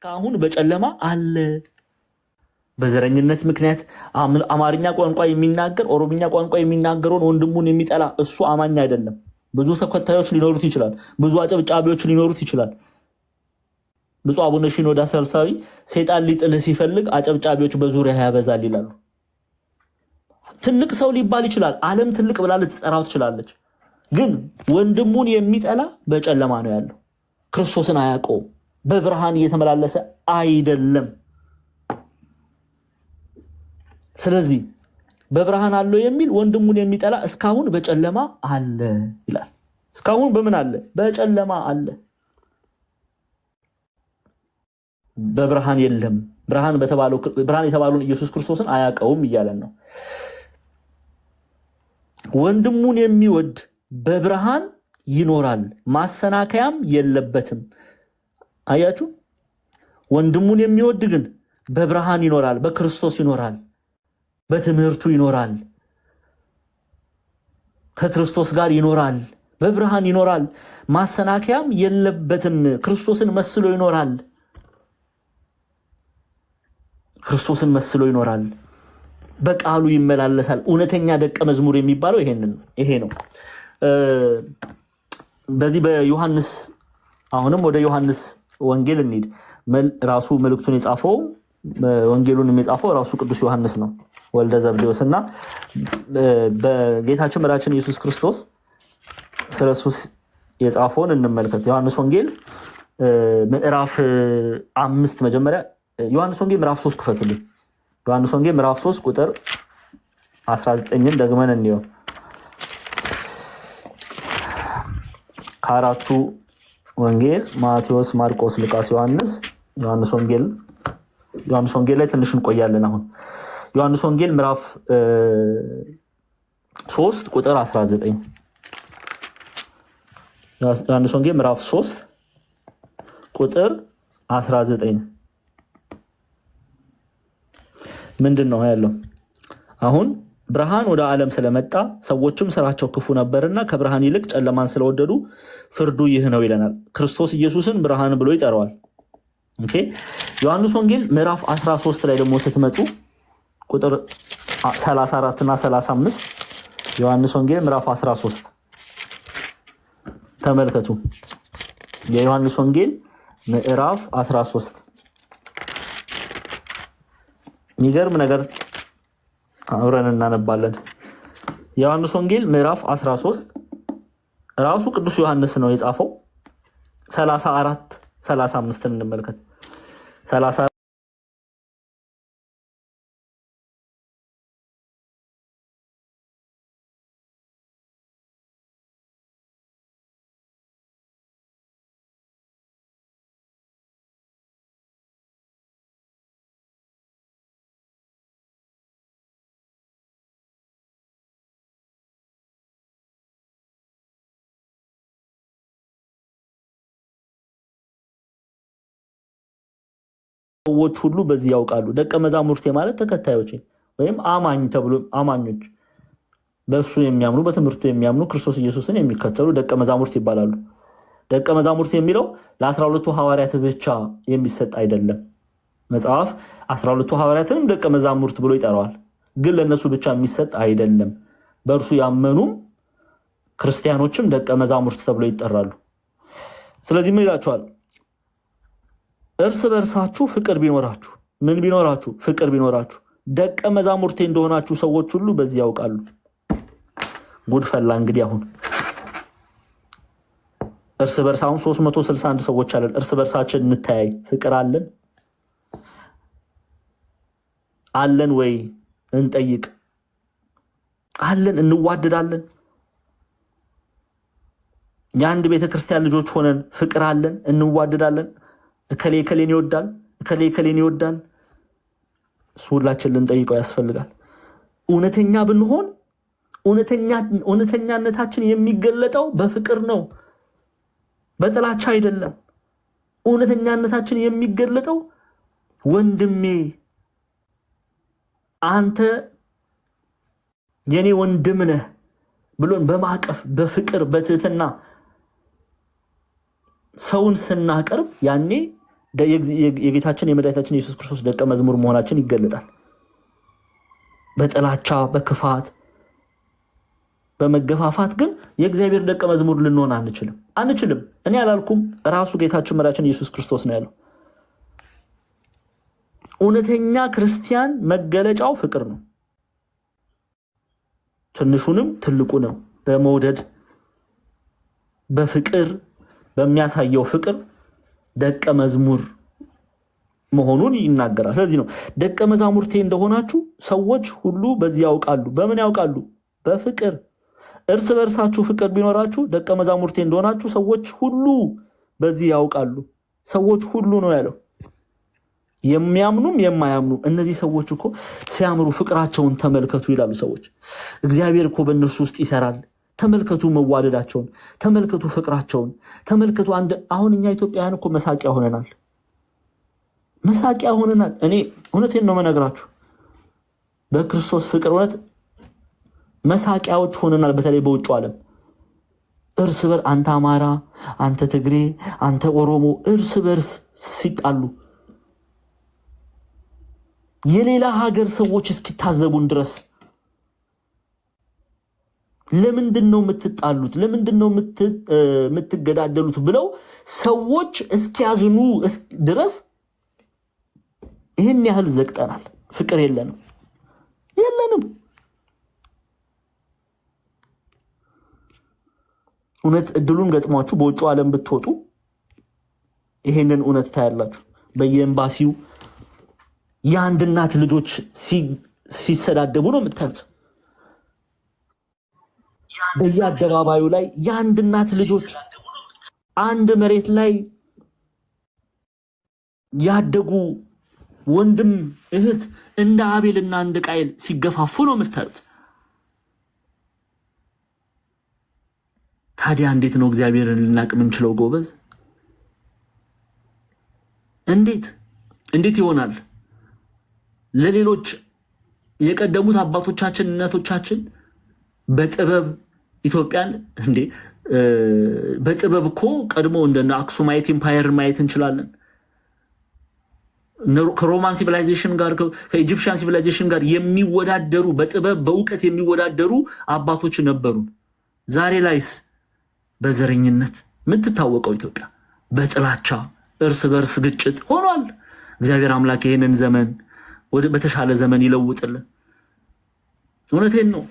እስካሁን በጨለማ አለ። በዘረኝነት ምክንያት አማርኛ ቋንቋ የሚናገር ኦሮምኛ ቋንቋ የሚናገረውን ወንድሙን የሚጠላ እሱ አማኝ አይደለም። ብዙ ተከታዮች ሊኖሩት ይችላል። ብዙ አጨብጫቢዎች ሊኖሩት ይችላል። ብፁዕ አቡነ ሽኖዳ ሰብሳቢ ሴጣን ሊጥልህ ሲፈልግ አጨብጫቢዎች በዙሪያ ያበዛል ይላሉ። ትልቅ ሰው ሊባል ይችላል። ዓለም ትልቅ ብላ ልትጠራው ትችላለች። ግን ወንድሙን የሚጠላ በጨለማ ነው ያለው። ክርስቶስን አያውቀውም። በብርሃን እየተመላለሰ አይደለም። ስለዚህ በብርሃን አለው የሚል ወንድሙን የሚጠላ እስካሁን በጨለማ አለ ይላል። እስካሁን በምን አለ? በጨለማ አለ። በብርሃን የለም። ብርሃን የተባለውን ኢየሱስ ክርስቶስን አያውቀውም እያለን ነው። ወንድሙን የሚወድ በብርሃን ይኖራል፣ ማሰናከያም የለበትም። አያችሁ፣ ወንድሙን የሚወድ ግን በብርሃን ይኖራል፣ በክርስቶስ ይኖራል፣ በትምህርቱ ይኖራል፣ ከክርስቶስ ጋር ይኖራል፣ በብርሃን ይኖራል፣ ማሰናከያም የለበትም። ክርስቶስን መስሎ ይኖራል፣ ክርስቶስን መስሎ ይኖራል፣ በቃሉ ይመላለሳል። እውነተኛ ደቀ መዝሙር የሚባለው ይሄንን ይሄ ነው። በዚህ በዮሐንስ አሁንም ወደ ዮሐንስ ወንጌል እንሂድ። ራሱ መልእክቱን የጻፈው ወንጌሉን የጻፈው ራሱ ቅዱስ ዮሐንስ ነው ወልደ ዘብዴዎስ እና በጌታችን መዳችን ኢየሱስ ክርስቶስ ስለ እሱ የጻፈውን እንመልከት። ዮሐንስ ወንጌል ምዕራፍ አምስት መጀመሪያ ዮሐንስ ወንጌል ምዕራፍ ሶስት ክፈቱልኝ። ዮሐንስ ወንጌል ምዕራፍ ሶስት ቁጥር 19ን ደግመን እንየው ከአራቱ ወንጌል ማቴዎስ፣ ማርቆስ፣ ሉቃስ፣ ዮሐንስ ዮሐንስ ወንጌል ዮሐንስ ወንጌል ላይ ትንሽ እንቆያለን። አሁን ዮሐንስ ወንጌል ምዕራፍ ሶስት ቁጥር 19 ዮሐንስ ወንጌል ምዕራፍ 3 ቁጥር 19 ምንድን ነው ያለው አሁን ብርሃን ወደ ዓለም ስለመጣ ሰዎችም ስራቸው ክፉ ነበርና ከብርሃን ይልቅ ጨለማን ስለወደዱ ፍርዱ ይህ ነው ይለናል። ክርስቶስ ኢየሱስን ብርሃን ብሎ ይጠራዋል። ዮሐንስ ወንጌል ምዕራፍ 13 ላይ ደግሞ ስትመጡ ቁጥር 34 እና 35 ዮሐንስ ወንጌል ምዕራፍ 13 ተመልከቱ። የዮሐንስ ወንጌል ምዕራፍ 13 የሚገርም ነገር አብረን እናነባለን። ዮሐንስ ወንጌል ምዕራፍ 13 ራሱ ቅዱስ ዮሐንስ ነው የጻፈው። 34 35 እንመልከት ሰዎች ሁሉ በዚህ ያውቃሉ። ደቀ መዛሙርቴ ማለት ተከታዮች ወይም አማኝ ተብሎ አማኞች በእሱ የሚያምኑ በትምህርቱ የሚያምኑ ክርስቶስ ኢየሱስን የሚከተሉ ደቀ መዛሙርት ይባላሉ። ደቀ መዛሙርት የሚለው ለአስራ ሁለቱ ሐዋርያት ብቻ የሚሰጥ አይደለም። መጽሐፍ አስራ ሁለቱ ሐዋርያትንም ደቀ መዛሙርት ብሎ ይጠራዋል። ግን ለእነሱ ብቻ የሚሰጥ አይደለም። በእርሱ ያመኑም ክርስቲያኖችም ደቀ መዛሙርት ተብሎ ይጠራሉ። ስለዚህ ምን ይላቸዋል? እርስ በእርሳችሁ ፍቅር ቢኖራችሁ ምን ቢኖራችሁ? ፍቅር ቢኖራችሁ ደቀ መዛሙርቴ እንደሆናችሁ ሰዎች ሁሉ በዚህ ያውቃሉ። ጉድ ፈላ እንግዲህ። አሁን እርስ በርስ አሁን 361 ሰዎች አለን። እርስ በርሳችን እንተያይ ፍቅር አለን አለን ወይ እንጠይቅ። አለን እንዋደዳለን። የአንድ ቤተክርስቲያን ልጆች ሆነን ፍቅር አለን እንዋደዳለን። እከሌ እከሌን ይወዳል፣ እከሌ እከሌን ይወዳል። እሱ ሁላችን ልንጠይቀው ያስፈልጋል። እውነተኛ ብንሆን እውነተኛነታችን የሚገለጠው በፍቅር ነው፣ በጥላቻ አይደለም። እውነተኛነታችን የሚገለጠው ወንድሜ አንተ የኔ ወንድም ነህ ብሎን በማቀፍ በፍቅር በትህትና ሰውን ስናቀርብ ያኔ የጌታችን የመድኃኒታችን የኢየሱስ ክርስቶስ ደቀ መዝሙር መሆናችን ይገለጣል። በጥላቻ በክፋት በመገፋፋት ግን የእግዚአብሔር ደቀ መዝሙር ልንሆን አንችልም አንችልም። እኔ አላልኩም፣ ራሱ ጌታችን መዳችን ኢየሱስ ክርስቶስ ነው ያለው። እውነተኛ ክርስቲያን መገለጫው ፍቅር ነው። ትንሹንም ትልቁንም በመውደድ በፍቅር በሚያሳየው ፍቅር ደቀ መዝሙር መሆኑን ይናገራል። ስለዚህ ነው ደቀ መዛሙርቴ እንደሆናችሁ ሰዎች ሁሉ በዚህ ያውቃሉ። በምን ያውቃሉ? በፍቅር እርስ በእርሳችሁ ፍቅር ቢኖራችሁ ደቀ መዛሙርቴ እንደሆናችሁ ሰዎች ሁሉ በዚህ ያውቃሉ። ሰዎች ሁሉ ነው ያለው። የሚያምኑም የማያምኑ እነዚህ ሰዎች እኮ ሲያምሩ ፍቅራቸውን ተመልከቱ ይላሉ ሰዎች። እግዚአብሔር እኮ በእነርሱ ውስጥ ይሰራል። ተመልከቱ መዋደዳቸውን፣ ተመልከቱ ፍቅራቸውን፣ ተመልከቱ አንድ አሁን እኛ ኢትዮጵያውያን እኮ መሳቂያ ሆነናል፣ መሳቂያ ሆነናል። እኔ እውነቴን ነው መነግራችሁ፣ በክርስቶስ ፍቅር እውነት መሳቂያዎች ሆነናል። በተለይ በውጭ ዓለም እርስ በር አንተ አማራ፣ አንተ ትግሬ፣ አንተ ኦሮሞ እርስ በርስ ሲጣሉ የሌላ ሀገር ሰዎች እስኪታዘቡን ድረስ ለምንድን ነው የምትጣሉት? ለምንድን ነው የምትገዳደሉት? ብለው ሰዎች እስኪያዝኑ ድረስ ይህን ያህል ዘግጠናል። ፍቅር የለንም የለንም። እውነት እድሉን ገጥሟችሁ በውጭ ዓለም ብትወጡ ይሄንን እውነት ታያላችሁ። በየኤምባሲው የአንድ እናት ልጆች ሲሰዳደቡ ነው የምታዩት። በየአደባባዩ ላይ የአንድ እናት ልጆች አንድ መሬት ላይ ያደጉ ወንድም እህት እንደ እና እንደ ቃይል ሲገፋፉ ነው የምታዩት። ታዲያ እንዴት ነው እግዚአብሔርን ልናቅ ምንችለው ጎበዝ እንዴት እንዴት ይሆናል? ለሌሎች የቀደሙት አባቶቻችን እናቶቻችን በጥበብ ኢትዮጵያን እንዴ በጥበብ እኮ ቀድሞ እንደነ አክሱማይት ኢምፓየርን ማየት እንችላለን። ከሮማን ሲቪላይዜሽን ጋር ከኢጂፕሽያን ሲቪላይዜሽን ጋር የሚወዳደሩ በጥበብ በእውቀት የሚወዳደሩ አባቶች ነበሩን። ዛሬ ላይስ በዘረኝነት የምትታወቀው ኢትዮጵያ በጥላቻ እርስ በርስ ግጭት ሆኗል። እግዚአብሔር አምላክ ይህንን ዘመን በተሻለ ዘመን ይለውጥልን። እውነቴን ነው።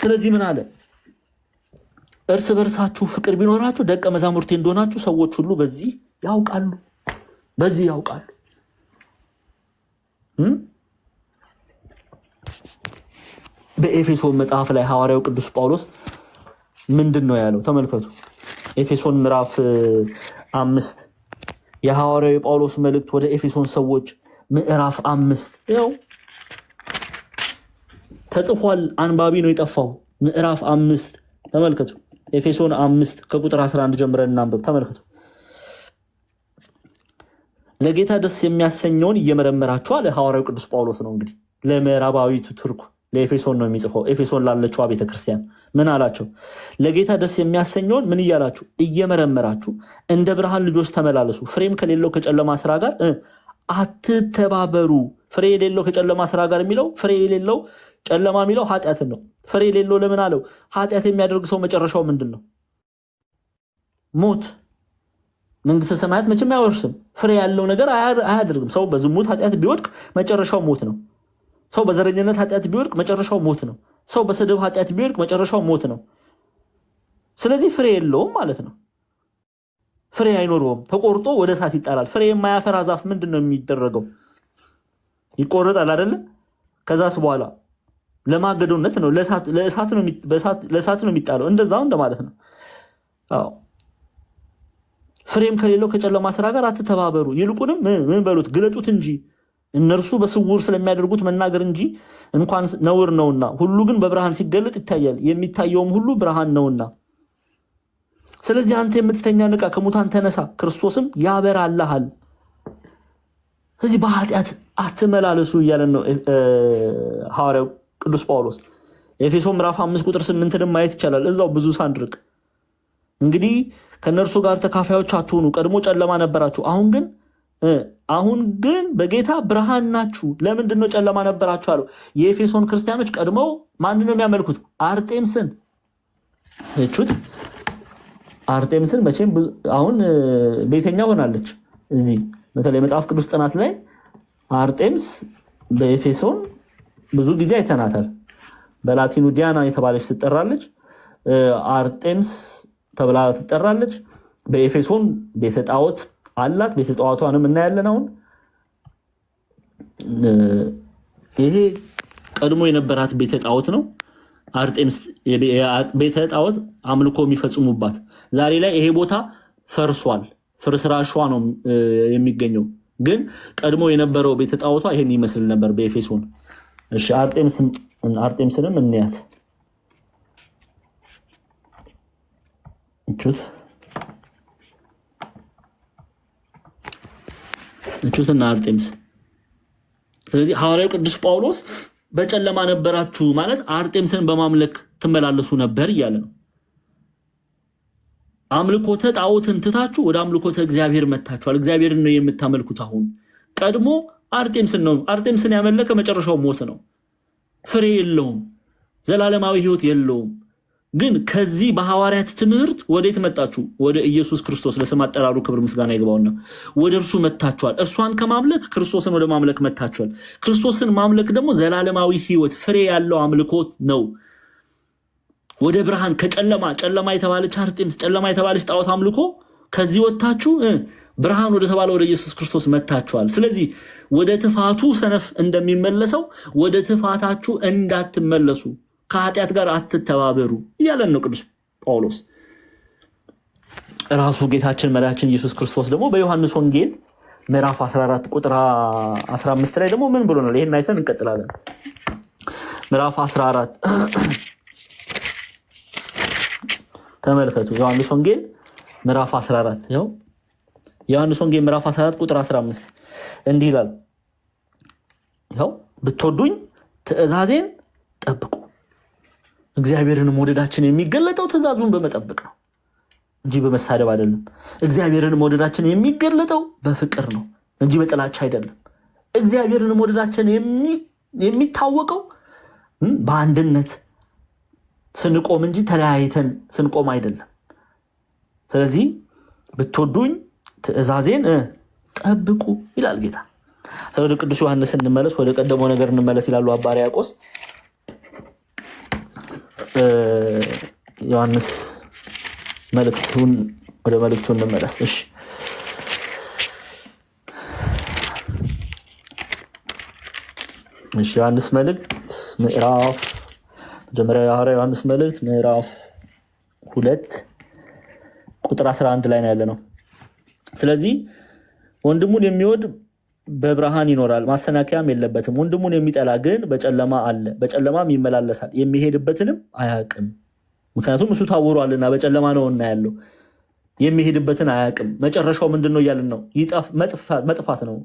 ስለዚህ ምን አለ እርስ በርሳችሁ ፍቅር ቢኖራችሁ ደቀ መዛሙርቴ እንደሆናችሁ ሰዎች ሁሉ በዚህ ያውቃሉ በዚህ ያውቃሉ። በኤፌሶን መጽሐፍ ላይ ሐዋርያው ቅዱስ ጳውሎስ ምንድን ነው ያለው? ተመልከቱ። ኤፌሶን ምዕራፍ አምስት የሐዋርያው የጳውሎስ መልእክት ወደ ኤፌሶን ሰዎች ምዕራፍ አምስት ያው ተጽፏል። አንባቢ ነው የጠፋው። ምዕራፍ አምስት ተመልከቱ። ኤፌሶን አምስት ከቁጥር 11 ጀምረን እናንብብ። ተመልክቱ። ለጌታ ደስ የሚያሰኘውን እየመረመራችሁ አለ። ሐዋርያው ቅዱስ ጳውሎስ ነው እንግዲህ ለምዕራባዊቱ ቱርክ ለኤፌሶን ነው የሚጽፈው። ኤፌሶን ላለችዋ ቤተክርስቲያን ምን አላቸው? ለጌታ ደስ የሚያሰኘውን ምን እያላችሁ እየመረመራችሁ እንደ ብርሃን ልጆች ተመላለሱ፣ ፍሬም ከሌለው ከጨለማ ስራ ጋር አትተባበሩ። ፍሬ የሌለው ከጨለማ ስራ ጋር የሚለው ፍሬ የሌለው ጨለማ የሚለው ኃጢአትን ነው። ፍሬ ሌለው ለምን አለው? ኃጢአት የሚያደርግ ሰው መጨረሻው ምንድን ነው? ሞት። መንግስተ ሰማያት መቼም አይወርስም። ፍሬ ያለው ነገር አያደርግም። ሰው በዝሙት ኃጢአት ቢወድቅ መጨረሻው ሞት ነው። ሰው በዘረኝነት ኃጢአት ቢወድቅ መጨረሻው ሞት ነው። ሰው በስድብ ኃጢአት ቢወድቅ መጨረሻው ሞት ነው። ስለዚህ ፍሬ የለውም ማለት ነው። ፍሬ አይኖረውም። ተቆርጦ ወደ እሳት ይጣላል። ፍሬ የማያፈራ ዛፍ ምንድን ነው የሚደረገው? ይቆረጣል አይደለ? ከዛስ በኋላ ለማገዶነት ነው፣ ለእሳት ነው የሚጣለው። እንደዛው እንደማለት ነው። አዎ ፍሬም ከሌለው ከጨለማ ስራ ጋር አትተባበሩ። ይልቁንም ምን በሉት ግለጡት እንጂ እነርሱ በስውር ስለሚያደርጉት መናገር እንጂ እንኳን ነውር ነውና፣ ሁሉ ግን በብርሃን ሲገለጥ ይታያል፣ የሚታየውም ሁሉ ብርሃን ነውና። ስለዚህ አንተ የምትተኛ ንቃ፣ ከሙታን ተነሳ፣ ክርስቶስም ያበራልሃል። እዚህ በኃጢአት አትመላለሱ እያለን ነው ሐዋርያው ቅዱስ ጳውሎስ ኤፌሶ ምዕራፍ አምስት ቁጥር ስምንትንም ማየት ይቻላል። እዛው ብዙ ሳንድርቅ እንግዲህ ከእነርሱ ጋር ተካፋዮች አትሆኑ፣ ቀድሞ ጨለማ ነበራችሁ፣ አሁን ግን አሁን ግን በጌታ ብርሃን ናችሁ። ለምንድን ነው ጨለማ ነበራችሁ አለው? የኤፌሶን ክርስቲያኖች ቀድመው ማንን ነው የሚያመልኩት? አርጤምስን ቹት አርጤምስን መቼም አሁን ቤተኛ ሆናለች። እዚህ በተለይ መጽሐፍ ቅዱስ ጥናት ላይ አርጤምስ በኤፌሶን ብዙ ጊዜ አይተናታል። በላቲኑ ዲያና የተባለች ትጠራለች። አርጤምስ ተብላ ትጠራለች። በኤፌሶን ቤተ ጣዖት አላት። ቤተ ጣዖቷንም እናያለን። አሁን ይሄ ቀድሞ የነበራት ቤተ ጣዖት ነው። አርጤምስ ቤተ ጣዖት አምልኮ የሚፈጽሙባት ዛሬ ላይ ይሄ ቦታ ፈርሷል። ፍርስራሿ ነው የሚገኘው። ግን ቀድሞ የነበረው ቤተ ጣዖቷ ይሄን ይመስል ነበር በኤፌሶን እሺ አርጤምስንም እንያት እቹት እቹትና አርጤምስ። ስለዚህ ሐዋርያው ቅዱስ ጳውሎስ በጨለማ ነበራችሁ ማለት አርጤምስን በማምለክ ትመላለሱ ነበር እያለ ነው። አምልኮተ ጣዖትን ትታችሁ ወደ አምልኮተ እግዚአብሔር መታችኋል። እግዚአብሔርን ነው የምታመልኩት አሁን ቀድሞ አርጤምስን ነው። አርጤምስን ያመለከ መጨረሻው ሞት ነው። ፍሬ የለውም፣ ዘላለማዊ ህይወት የለውም። ግን ከዚህ በሐዋርያት ትምህርት ወዴት መጣችሁ? ወደ ኢየሱስ ክርስቶስ ለስም አጠራሩ ክብር ምስጋና ይግባውና ወደ እርሱ መታችኋል። እርሷን ከማምለክ ክርስቶስን ወደ ማምለክ መታችኋል። ክርስቶስን ማምለክ ደግሞ ዘላለማዊ ህይወት ፍሬ ያለው አምልኮት ነው። ወደ ብርሃን ከጨለማ ጨለማ የተባለች አርጤምስ ጨለማ የተባለች ጣዖት አምልኮ ከዚህ ወጥታችሁ ብርሃን ወደ ተባለ ወደ ኢየሱስ ክርስቶስ መታችኋል። ስለዚህ ወደ ትፋቱ ሰነፍ እንደሚመለሰው ወደ ትፋታችሁ እንዳትመለሱ ከኃጢአት ጋር አትተባበሩ እያለን ነው ቅዱስ ጳውሎስ። ራሱ ጌታችን መዳችን ኢየሱስ ክርስቶስ ደግሞ በዮሐንስ ወንጌል ምዕራፍ 14 ቁጥር 15 ላይ ደግሞ ምን ብሎናል? ይህን አይተን እንቀጥላለን። ምዕራፍ 14 ተመልከቱ። ዮሐንስ ወንጌል ምዕራፍ 14 ይኸው የዮሐንስ ወንጌል ምዕራፍ 14 ቁጥር 15 እንዲህ ይላል፣ ያው ብትወዱኝ ትእዛዜን ጠብቁ። እግዚአብሔርን መውደዳችን የሚገለጠው ትእዛዙን በመጠበቅ ነው እንጂ በመሳደብ አይደለም። እግዚአብሔርን መውደዳችን የሚገለጠው በፍቅር ነው እንጂ በጥላቻ አይደለም። እግዚአብሔርን መውደዳችን የሚታወቀው በአንድነት ስንቆም እንጂ ተለያይተን ስንቆም አይደለም። ስለዚህ ብትወዱኝ ትእዛዜን ጠብቁ ይላል ጌታ። ወደ ቅዱስ ዮሐንስ እንመለስ፣ ወደ ቀደመው ነገር እንመለስ ይላሉ አባ ሕርያቆስ ዮሐንስ መልእክቱን ወደ መልእክቱ እንመለስ። እሺ እሺ ዮሐንስ መልእክት ምዕራፍ መጀመሪያ የሐዋርያ ዮሐንስ መልእክት ምዕራፍ ሁለት ቁጥር 11 ላይ ነው ያለ ነው። ስለዚህ ወንድሙን የሚወድ በብርሃን ይኖራል፣ ማሰናከያም የለበትም። ወንድሙን የሚጠላ ግን በጨለማ አለ፣ በጨለማም ይመላለሳል፣ የሚሄድበትንም አያውቅም። ምክንያቱም እሱ ታውሯልና በጨለማ ነው እና ያለው የሚሄድበትን አያውቅም። መጨረሻው ምንድን ነው እያልን ነው? መጥፋት ነው።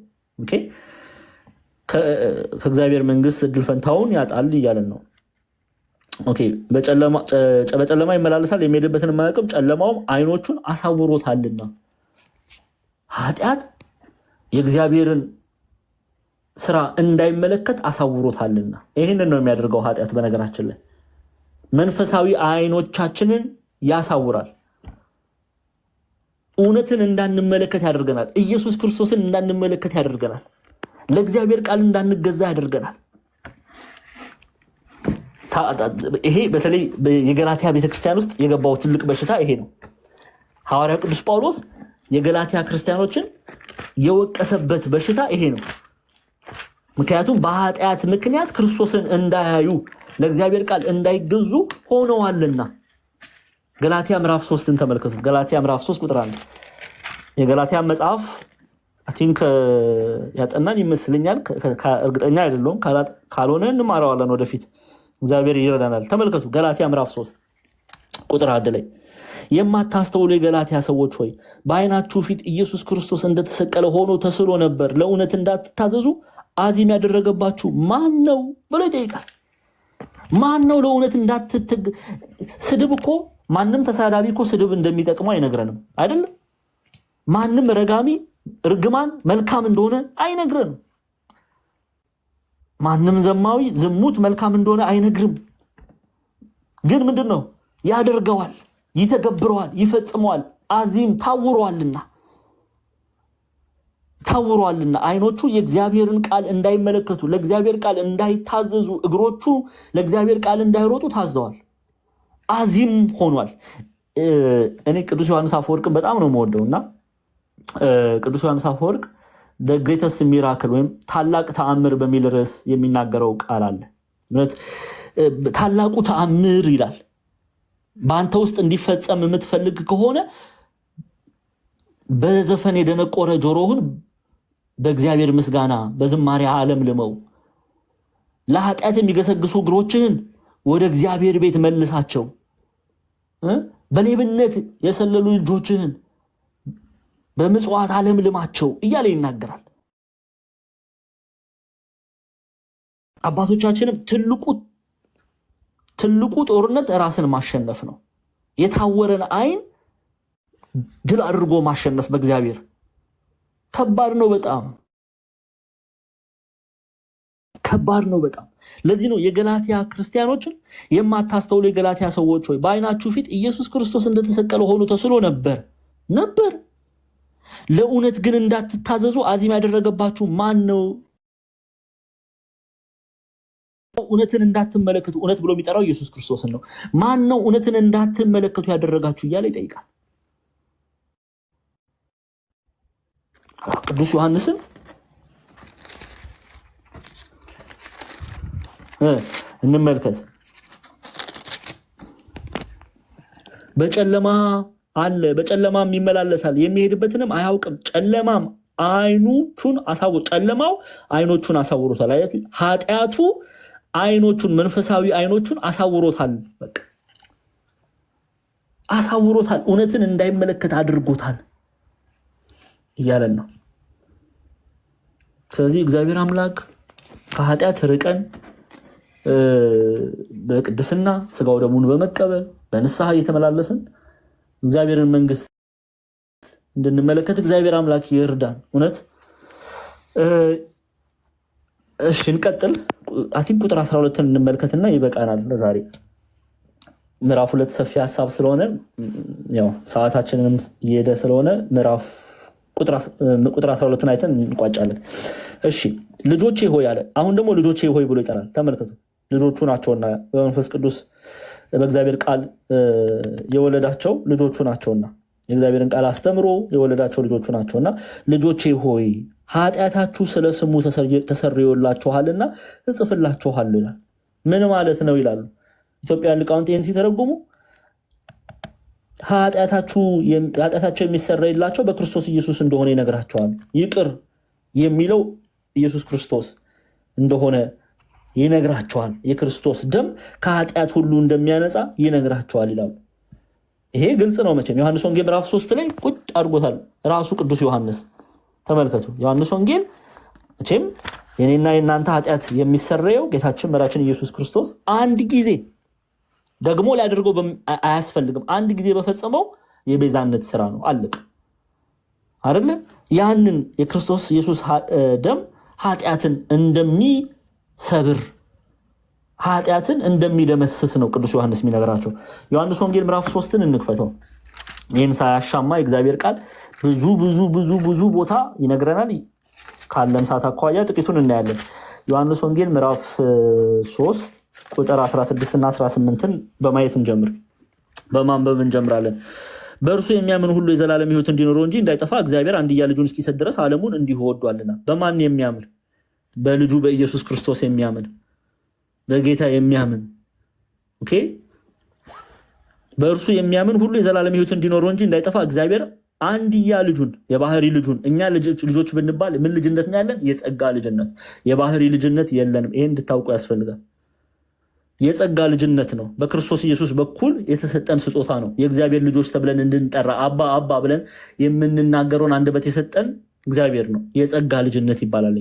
ከእግዚአብሔር መንግስት እድል ፈንታውን ያጣል እያልን ነው። በጨለማ ይመላለሳል፣ የሚሄድበትን አያውቅም፣ ጨለማውም አይኖቹን አሳውሮታልና ኃጢአት የእግዚአብሔርን ስራ እንዳይመለከት አሳውሮታልና ይህንን ነው የሚያደርገው ኃጢአት። በነገራችን ላይ መንፈሳዊ አይኖቻችንን ያሳውራል። እውነትን እንዳንመለከት ያደርገናል። ኢየሱስ ክርስቶስን እንዳንመለከት ያደርገናል። ለእግዚአብሔር ቃል እንዳንገዛ ያደርገናል። ይሄ በተለይ የገላትያ ቤተክርስቲያን ውስጥ የገባው ትልቅ በሽታ ይሄ ነው። ሐዋርያ ቅዱስ ጳውሎስ የገላትያ ክርስቲያኖችን የወቀሰበት በሽታ ይሄ ነው። ምክንያቱም በኃጢአት ምክንያት ክርስቶስን እንዳያዩ ለእግዚአብሔር ቃል እንዳይገዙ ሆነዋልና። ገላትያ ምዕራፍ ሶስትን ተመልከቱት። ገላትያ ምዕራፍ ሶስት ቁጥር አንድ የገላትያ መጽሐፍ ቲንክ uh, ያጠናን ይመስልኛል፣ እርግጠኛ አይደለሁም። ካልሆነ እንማረዋለን ወደፊት እግዚአብሔር ይረዳናል። ተመልከቱ ገላትያ ምዕራፍ ሶስት ቁጥር አንድ ላይ የማታስተውሉ የገላትያ ሰዎች ሆይ በዓይናችሁ ፊት ኢየሱስ ክርስቶስ እንደተሰቀለ ሆኖ ተስሎ ነበር፣ ለእውነት እንዳትታዘዙ አዚም ያደረገባችሁ ማን ነው ብሎ ይጠይቃል። ማን ነው ለእውነት እንዳትትግ? ስድብ እኮ ማንም ተሳዳቢ እኮ ስድብ እንደሚጠቅመው አይነግረንም አይደለም። ማንም ረጋሚ እርግማን መልካም እንደሆነ አይነግረንም። ማንም ዘማዊ ዝሙት መልካም እንደሆነ አይነግርም። ግን ምንድን ነው ያደርገዋል። ይተገብረዋል፣ ይፈጽመዋል። አዚም ታውሯልና ታውሯልና አይኖቹ የእግዚአብሔርን ቃል እንዳይመለከቱ ለእግዚአብሔር ቃል እንዳይታዘዙ እግሮቹ ለእግዚአብሔር ቃል እንዳይሮጡ ታዘዋል። አዚም ሆኗል። እኔ ቅዱስ ዮሐንስ አፈወርቅን በጣም ነው የምወደው እና ቅዱስ ዮሐንስ አፈወርቅ ግሬተስት ሚራክል ወይም ታላቅ ተአምር በሚል ርዕስ የሚናገረው ቃል አለ። ታላቁ ተአምር ይላል በአንተ ውስጥ እንዲፈጸም የምትፈልግ ከሆነ በዘፈን የደነቆረ ጆሮህን በእግዚአብሔር ምስጋና በዝማሬ ዓለም ልመው። ለኃጢአት የሚገሰግሱ እግሮችህን ወደ እግዚአብሔር ቤት መልሳቸው። በሌብነት የሰለሉ ልጆችህን በምጽዋት ዓለም ልማቸው እያለ ይናገራል። አባቶቻችንም ትልቁ ትልቁ ጦርነት ራስን ማሸነፍ ነው። የታወረን አይን ድል አድርጎ ማሸነፍ በእግዚአብሔር ከባድ ነው። በጣም ከባድ ነው። በጣም ለዚህ ነው የገላትያ ክርስቲያኖችን የማታስተውሉ የገላትያ ሰዎች ሆይ በአይናችሁ ፊት ኢየሱስ ክርስቶስ እንደተሰቀለ ሆኖ ተስሎ ነበር ነበር ለእውነት ግን እንዳትታዘዙ አዚም ያደረገባችሁ ማን ነው? እውነትን እንዳትመለከቱ እውነት ብሎ የሚጠራው ኢየሱስ ክርስቶስን ነው። ማን ነው እውነትን እንዳትመለከቱ ያደረጋችሁ እያለ ይጠይቃል። ቅዱስ ዮሐንስን እንመልከት። በጨለማ አለ፣ በጨለማም ይመላለሳል፣ የሚሄድበትንም አያውቅም። ጨለማም አይኖቹን አሳወ ጨለማው አይኖቹን አሳውሮታል። ኃጢአቱ አይኖቹን መንፈሳዊ አይኖቹን አሳውሮታል። በቃ አሳውሮታል፣ እውነትን እንዳይመለከት አድርጎታል እያለን ነው። ስለዚህ እግዚአብሔር አምላክ ከኃጢአት ርቀን በቅድስና ስጋው ደሙን በመቀበል በንስሐ እየተመላለስን እግዚአብሔርን መንግስት እንድንመለከት እግዚአብሔር አምላክ ይርዳን እውነት እሺ እንቀጥል። አቲ ቁጥር 12ን እንመልከትና ይበቃናል ለዛሬ። ምዕራፍ ሁለት ሰፊ ሀሳብ ስለሆነ ያው ሰዓታችንንም እየሄደ ስለሆነ ምዕራፍ ቁጥር 12ን አይተን እንቋጫለን። እሺ ልጆቼ ሆይ አለ። አሁን ደግሞ ልጆቼ ሆይ ብሎ ይጠራል። ተመልከቱ ልጆቹ ናቸውና በመንፈስ ቅዱስ በእግዚአብሔር ቃል የወለዳቸው ልጆቹ ናቸውና የእግዚአብሔርን ቃል አስተምሮ የወለዳቸው ልጆቹ ናቸውና ልጆቼ ሆይ ኃጢአታችሁ ስለ ስሙ ተሰርዮላችኋልና እጽፍላችኋለሁ ይላል። ምን ማለት ነው ይላሉ ኢትዮጵያን ሊቃውንት ይህን ሲተረጉሙ ኃጢአታቸው የሚሰረይላቸው በክርስቶስ ኢየሱስ እንደሆነ ይነግራቸዋል። ይቅር የሚለው ኢየሱስ ክርስቶስ እንደሆነ ይነግራቸዋል። የክርስቶስ ደም ከኃጢአት ሁሉ እንደሚያነጻ ይነግራቸዋል ይላሉ። ይሄ ግልጽ ነው መቼም ዮሐንስ ወንጌል ምዕራፍ ሶስት ላይ ቁጭ አድርጎታል ራሱ ቅዱስ ዮሐንስ። ተመልከቱ ዮሐንስ ወንጌል መቼም የኔና የእናንተ ኃጢአት የሚሰረየው ጌታችን መራችን ኢየሱስ ክርስቶስ አንድ ጊዜ ደግሞ ሊያደርገው አያስፈልግም። አንድ ጊዜ በፈጸመው የቤዛነት ስራ ነው። አለቅ አይደለ? ያንን የክርስቶስ ኢየሱስ ደም ኃጢአትን እንደሚሰብር ኃጢአትን እንደሚደመስስ ነው ቅዱስ ዮሐንስ የሚነግራቸው። ዮሐንስ ወንጌል ምዕራፍ ሶስትን እንክፈተው። ይህን ሳያሻማ የእግዚአብሔር ቃል ብዙ ብዙ ብዙ ብዙ ቦታ ይነግረናል። ካለን ሰዓት አኳያ ጥቂቱን እናያለን። ዮሐንስ ወንጌል ምዕራፍ ሶስት ቁጥር 16 እና 18ን በማየት እንጀምር፣ በማንበብ እንጀምራለን። በእርሱ የሚያምን ሁሉ የዘላለም ሕይወት እንዲኖረው እንጂ እንዳይጠፋ እግዚአብሔር አንድያ ልጁን እስኪሰጥ ድረስ ዓለሙን እንዲሁ ወዷልና። በማን የሚያምን? በልጁ በኢየሱስ ክርስቶስ የሚያምን በጌታ የሚያምን ኦኬ፣ በእርሱ የሚያምን ሁሉ የዘላለም ሕይወት እንዲኖረው እንጂ እንዳይጠፋ እግዚአብሔር አንድያ ልጁን የባህሪ ልጁን እኛ ልጆች ብንባል ምን ልጅነት ነው ያለን? የጸጋ ልጅነት። የባህሪ ልጅነት የለንም። ይሄ እንድታውቁ ያስፈልጋል። የጸጋ ልጅነት ነው። በክርስቶስ ኢየሱስ በኩል የተሰጠን ስጦታ ነው። የእግዚአብሔር ልጆች ተብለን እንድንጠራ አባ አባ ብለን የምንናገረውን አንደበት የሰጠን እግዚአብሔር ነው። የጸጋ ልጅነት ይባላል።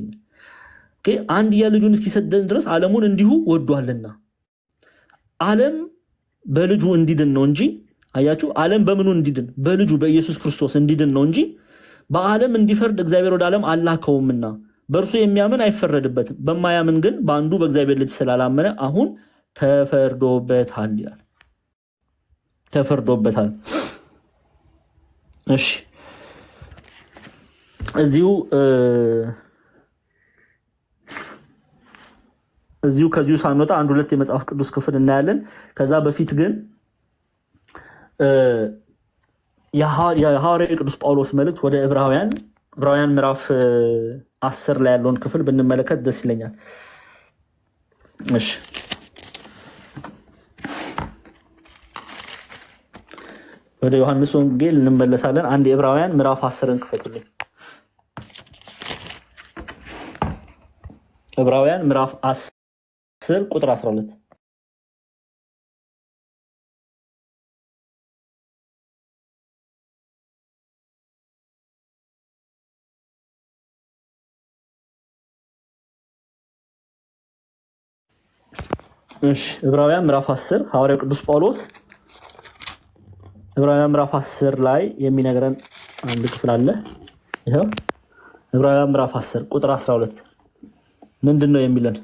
አንድያ ልጁን እስኪሰደን ድረስ ዓለሙን እንዲሁ ወዷልና ዓለም በልጁ እንዲድን ነው እንጂ አያችሁ፣ ዓለም በምኑ እንዲድን በልጁ በኢየሱስ ክርስቶስ እንዲድን ነው እንጂ በዓለም እንዲፈርድ እግዚአብሔር ወደ ዓለም አላከውምና በእርሱ የሚያምን አይፈረድበትም፣ በማያምን ግን በአንዱ በእግዚአብሔር ልጅ ስላላመነ አሁን ተፈርዶበታል ይላል። ተፈርዶበታል። እሺ እዚሁ እዚሁ ከዚሁ ሳንወጣ አንድ ሁለት የመጽሐፍ ቅዱስ ክፍል እናያለን። ከዛ በፊት ግን የሐዋርያ ቅዱስ ጳውሎስ መልእክት ወደ ዕብራውያን ዕብራውያን ምዕራፍ አስር ላይ ያለውን ክፍል ብንመለከት ደስ ይለኛል። እሺ ወደ ዮሐንስ ወንጌል እንመለሳለን። አንድ የዕብራውያን ምዕራፍ አስርን ክፈቱልኝ። ዕብራውያን ምዕራፍ አስር 10 ቁጥር 12 እሺ ዕብራውያን ምዕራፍ 10 ሐዋርያው ቅዱስ ጳውሎስ ዕብራውያን ምዕራፍ 10 ላይ የሚነግረን አንድ ክፍል አለ። ይኸው ዕብራውያን ምዕራፍ 10 ቁጥር 12 ምንድን ነው የሚለን?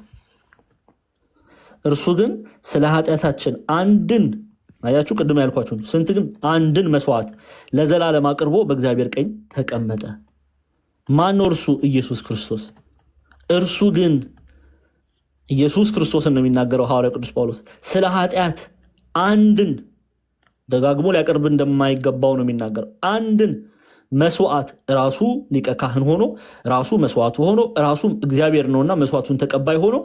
እርሱ ግን ስለ ኃጢአታችን አንድን አያችሁ፣ ቅድም ያልኳችሁ ስንት ግን አንድን መስዋዕት ለዘላለም አቅርቦ በእግዚአብሔር ቀኝ ተቀመጠ። ማነው እርሱ? ኢየሱስ ክርስቶስ። እርሱ ግን ኢየሱስ ክርስቶስን ነው የሚናገረው ሐዋርያው ቅዱስ ጳውሎስ። ስለ ኃጢአት አንድን ደጋግሞ ሊያቀርብ እንደማይገባው ነው የሚናገረው አንድን መስዋዕት ራሱ ሊቀ ካህን ሆኖ ራሱ መስዋዕቱ ሆኖ ራሱም እግዚአብሔር ነውና መስዋዕቱን ተቀባይ ሆኖ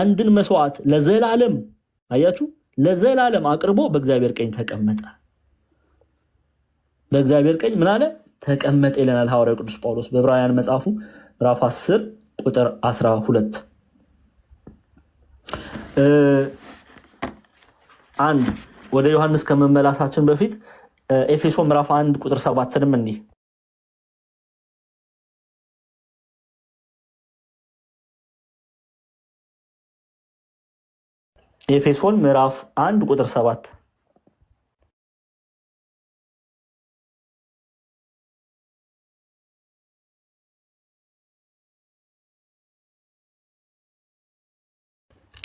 አንድን መስዋዕት ለዘላለም አያችሁ፣ ለዘላለም አቅርቦ በእግዚአብሔር ቀኝ ተቀመጠ። በእግዚአብሔር ቀኝ ምን አለ ተቀመጠ ይለናል ሐዋርያ ቅዱስ ጳውሎስ በዕብራውያን መጽሐፉ ምዕራፍ 10 ቁጥር 12 አንድ ወደ ዮሐንስ ከመመላሳችን በፊት ኤፌሶ ምዕራፍ 1 ቁጥር 7 እንዲህ ኤፌሶን ምዕራፍ አንድ ቁጥር ሰባት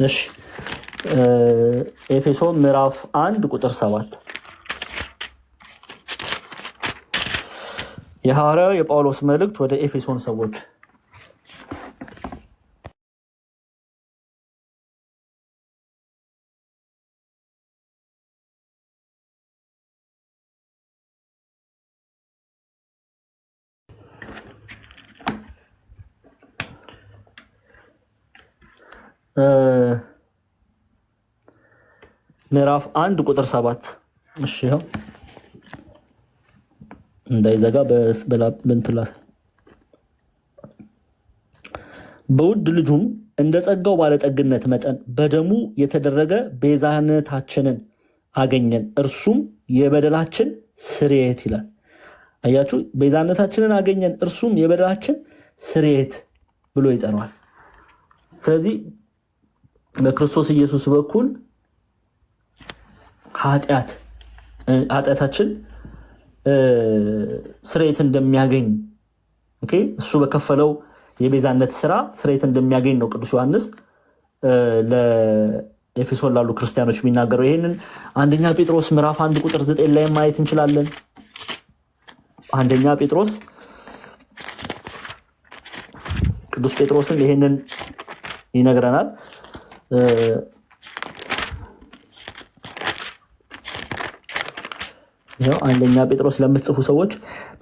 እሺ ኤፌሶን ምዕራፍ አንድ ቁጥር ሰባት የሐዋርያው የጳውሎስ መልእክት ወደ ኤፌሶን ሰዎች ምዕራፍ አንድ ቁጥር ሰባት እሺ ይኸው እንዳይዘጋ በንትላስ በውድ ልጁም እንደ ጸጋው ባለጠግነት መጠን በደሙ የተደረገ ቤዛነታችንን አገኘን፣ እርሱም የበደላችን ስርየት ይላል። አያችሁ፣ ቤዛነታችንን አገኘን፣ እርሱም የበደላችን ስርየት ብሎ ይጠራዋል። ስለዚህ በክርስቶስ ኢየሱስ በኩል ኃጢአታችን ስርየት እንደሚያገኝ እሱ በከፈለው የቤዛነት ስራ ስርየት እንደሚያገኝ ነው ቅዱስ ዮሐንስ ለኤፌሶን ላሉ ክርስቲያኖች የሚናገረው። ይህንን አንደኛ ጴጥሮስ ምዕራፍ አንድ ቁጥር ዘጠኝ ላይ ማየት እንችላለን። አንደኛ ጴጥሮስ ቅዱስ ጴጥሮስም ይህንን ይነግረናል። ይኸው አንደኛ ጴጥሮስ ለምትጽፉ ሰዎች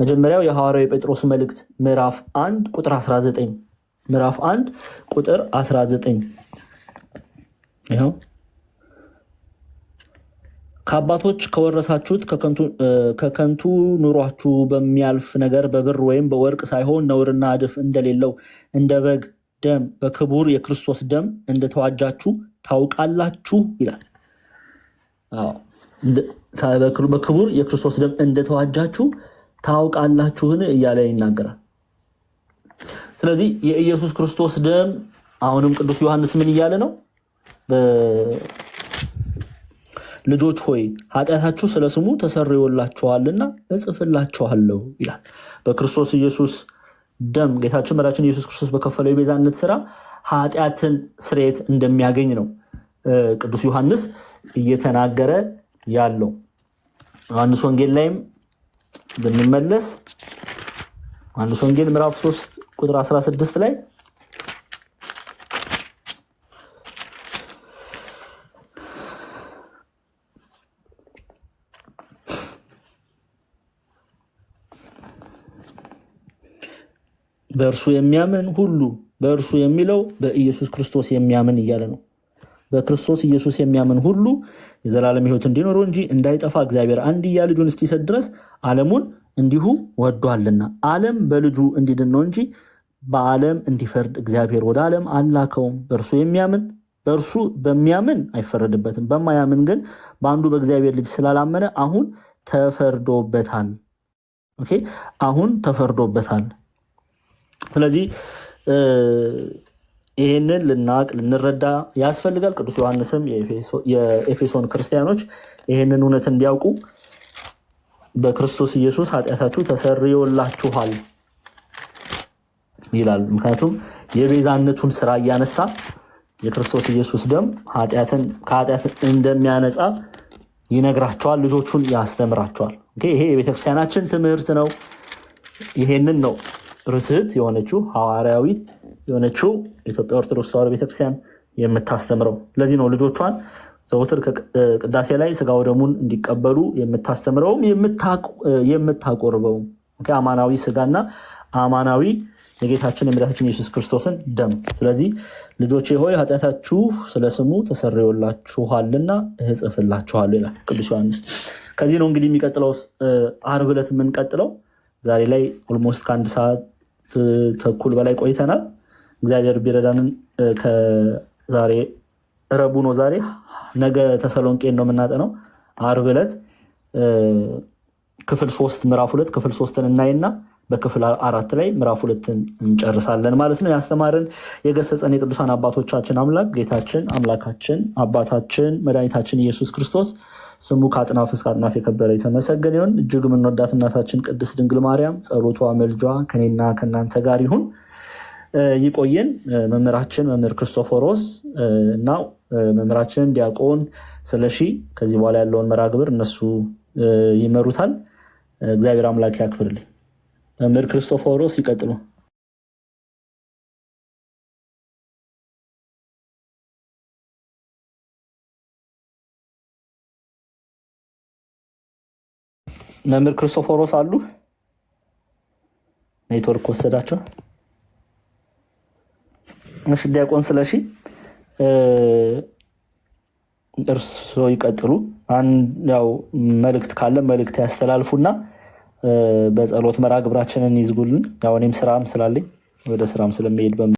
መጀመሪያው የሐዋርያው የጴጥሮስ መልእክት ምዕራፍ 1 ቁጥር 19 ምዕራፍ 1 ቁጥር 19 ይኸው ከአባቶች ከወረሳችሁት ከከንቱ ኑሯችሁ በሚያልፍ ነገር በብር ወይም በወርቅ ሳይሆን ነውርና እድፍ እንደሌለው እንደ በግ ደም በክቡር የክርስቶስ ደም እንደተዋጃችሁ ታውቃላችሁ ይላል። በክቡር የክርስቶስ ደም እንደተዋጃችሁ ታውቃላችሁን እያለ ይናገራል። ስለዚህ የኢየሱስ ክርስቶስ ደም አሁንም ቅዱስ ዮሐንስ ምን እያለ ነው? ልጆች ሆይ ኃጢአታችሁ ስለ ስሙ ተሰርዮላችኋልና እጽፍላችኋለሁ ይላል። በክርስቶስ ኢየሱስ ደም ጌታችን መዳችን ኢየሱስ ክርስቶስ በከፈለው የቤዛነት ስራ ኃጢአትን ስርየት እንደሚያገኝ ነው ቅዱስ ዮሐንስ እየተናገረ ያለው። ዮሐንስ ወንጌል ላይም ብንመለስ ዮሐንስ ወንጌል ምዕራፍ 3 ቁጥር 16 ላይ በእርሱ የሚያምን ሁሉ በእርሱ የሚለው በኢየሱስ ክርስቶስ የሚያምን እያለ ነው። በክርስቶስ ኢየሱስ የሚያምን ሁሉ የዘላለም ሕይወት እንዲኖረው እንጂ እንዳይጠፋ እግዚአብሔር አንድያ ልጁን እስኪሰጥ ድረስ ዓለሙን እንዲሁ ወዷልና፣ ዓለም በልጁ እንዲድን ነው እንጂ በዓለም እንዲፈርድ እግዚአብሔር ወደ ዓለም አላከውም። በእርሱ የሚያምን በእርሱ በሚያምን አይፈረድበትም። በማያምን ግን በአንዱ በእግዚአብሔር ልጅ ስላላመነ አሁን ተፈርዶበታል። ኦኬ፣ አሁን ተፈርዶበታል። ስለዚህ ይህንን ልናቅ ልንረዳ ያስፈልጋል። ቅዱስ ዮሐንስም የኤፌሶን ክርስቲያኖች ይህንን እውነት እንዲያውቁ በክርስቶስ ኢየሱስ ኃጢአታችሁ ተሰርዮላችኋል ይላል። ምክንያቱም የቤዛነቱን ስራ እያነሳ የክርስቶስ ኢየሱስ ደም ከኃጢአት እንደሚያነጻ ይነግራቸዋል፣ ልጆቹን ያስተምራቸዋል። ይሄ የቤተክርስቲያናችን ትምህርት ነው። ይሄንን ነው ርትት የሆነችው ሐዋርያዊት የሆነችው የኢትዮጵያ ኦርቶዶክስ ተዋሕዶ ቤተክርስቲያን የምታስተምረው። ለዚህ ነው ልጆቿን ዘውትር ቅዳሴ ላይ ስጋ ወደሙን እንዲቀበሉ የምታስተምረውም የምታቆርበውም አማናዊ ስጋና አማናዊ የጌታችን የመድኃኒታችን ኢየሱስ ክርስቶስን ደም። ስለዚህ ልጆቼ ሆይ ኃጢአታችሁ ስለ ስሙ ተሰርዮላችኋልና እጽፍላችኋል ይላል ቅዱስ ዮሐንስ። ከዚህ ነው እንግዲህ የሚቀጥለው አርብ ዕለት የምንቀጥለው ዛሬ ላይ ኦልሞስት ከአንድ ሰዓት ተኩል በላይ ቆይተናል። እግዚአብሔር ቢረዳንን ከዛሬ ረቡ ነው። ዛሬ ነገ ተሰሎንቄን ነው የምናጠነው። አርብ ዕለት ክፍል ሶስት ምዕራፍ ሁለት ክፍል ሶስትን እናይና በክፍል አራት ላይ ምዕራፍ ሁለትን እንጨርሳለን ማለት ነው። ያስተማርን የገሰጸን የቅዱሳን አባቶቻችን አምላክ ጌታችን አምላካችን አባታችን መድኃኒታችን ኢየሱስ ክርስቶስ ስሙ ከአጥናፍ እስከ አጥናፍ የከበረ የተመሰገነ ይሁን። እጅግ የምንወዳት እናታችን ቅድስት ድንግል ማርያም ጸሎቷ መልጇ ከኔና ከእናንተ ጋር ይሁን። ይቆየን። መምህራችን መምህር ክርስቶፎሮስ እና መምህራችን ዲያቆን ስለሺ ከዚህ በኋላ ያለውን መራግብር እነሱ ይመሩታል። እግዚአብሔር አምላክ ያክብርልኝ። መምህር ክርስቶፎሮስ ይቀጥሉ። መምህር ክርስቶፎሮስ አሉ። ኔትወርክ ወሰዳቸው። እሺ ዲያቆን ስለሺ እርሶ ይቀጥሉ። ያው መልእክት ካለ መልእክት ያስተላልፉና በጸሎት መርሃ ግብራችንን ይዝጉልን። ያው እኔም ስራም ስላለኝ ወደ ስራም ስለሚሄድ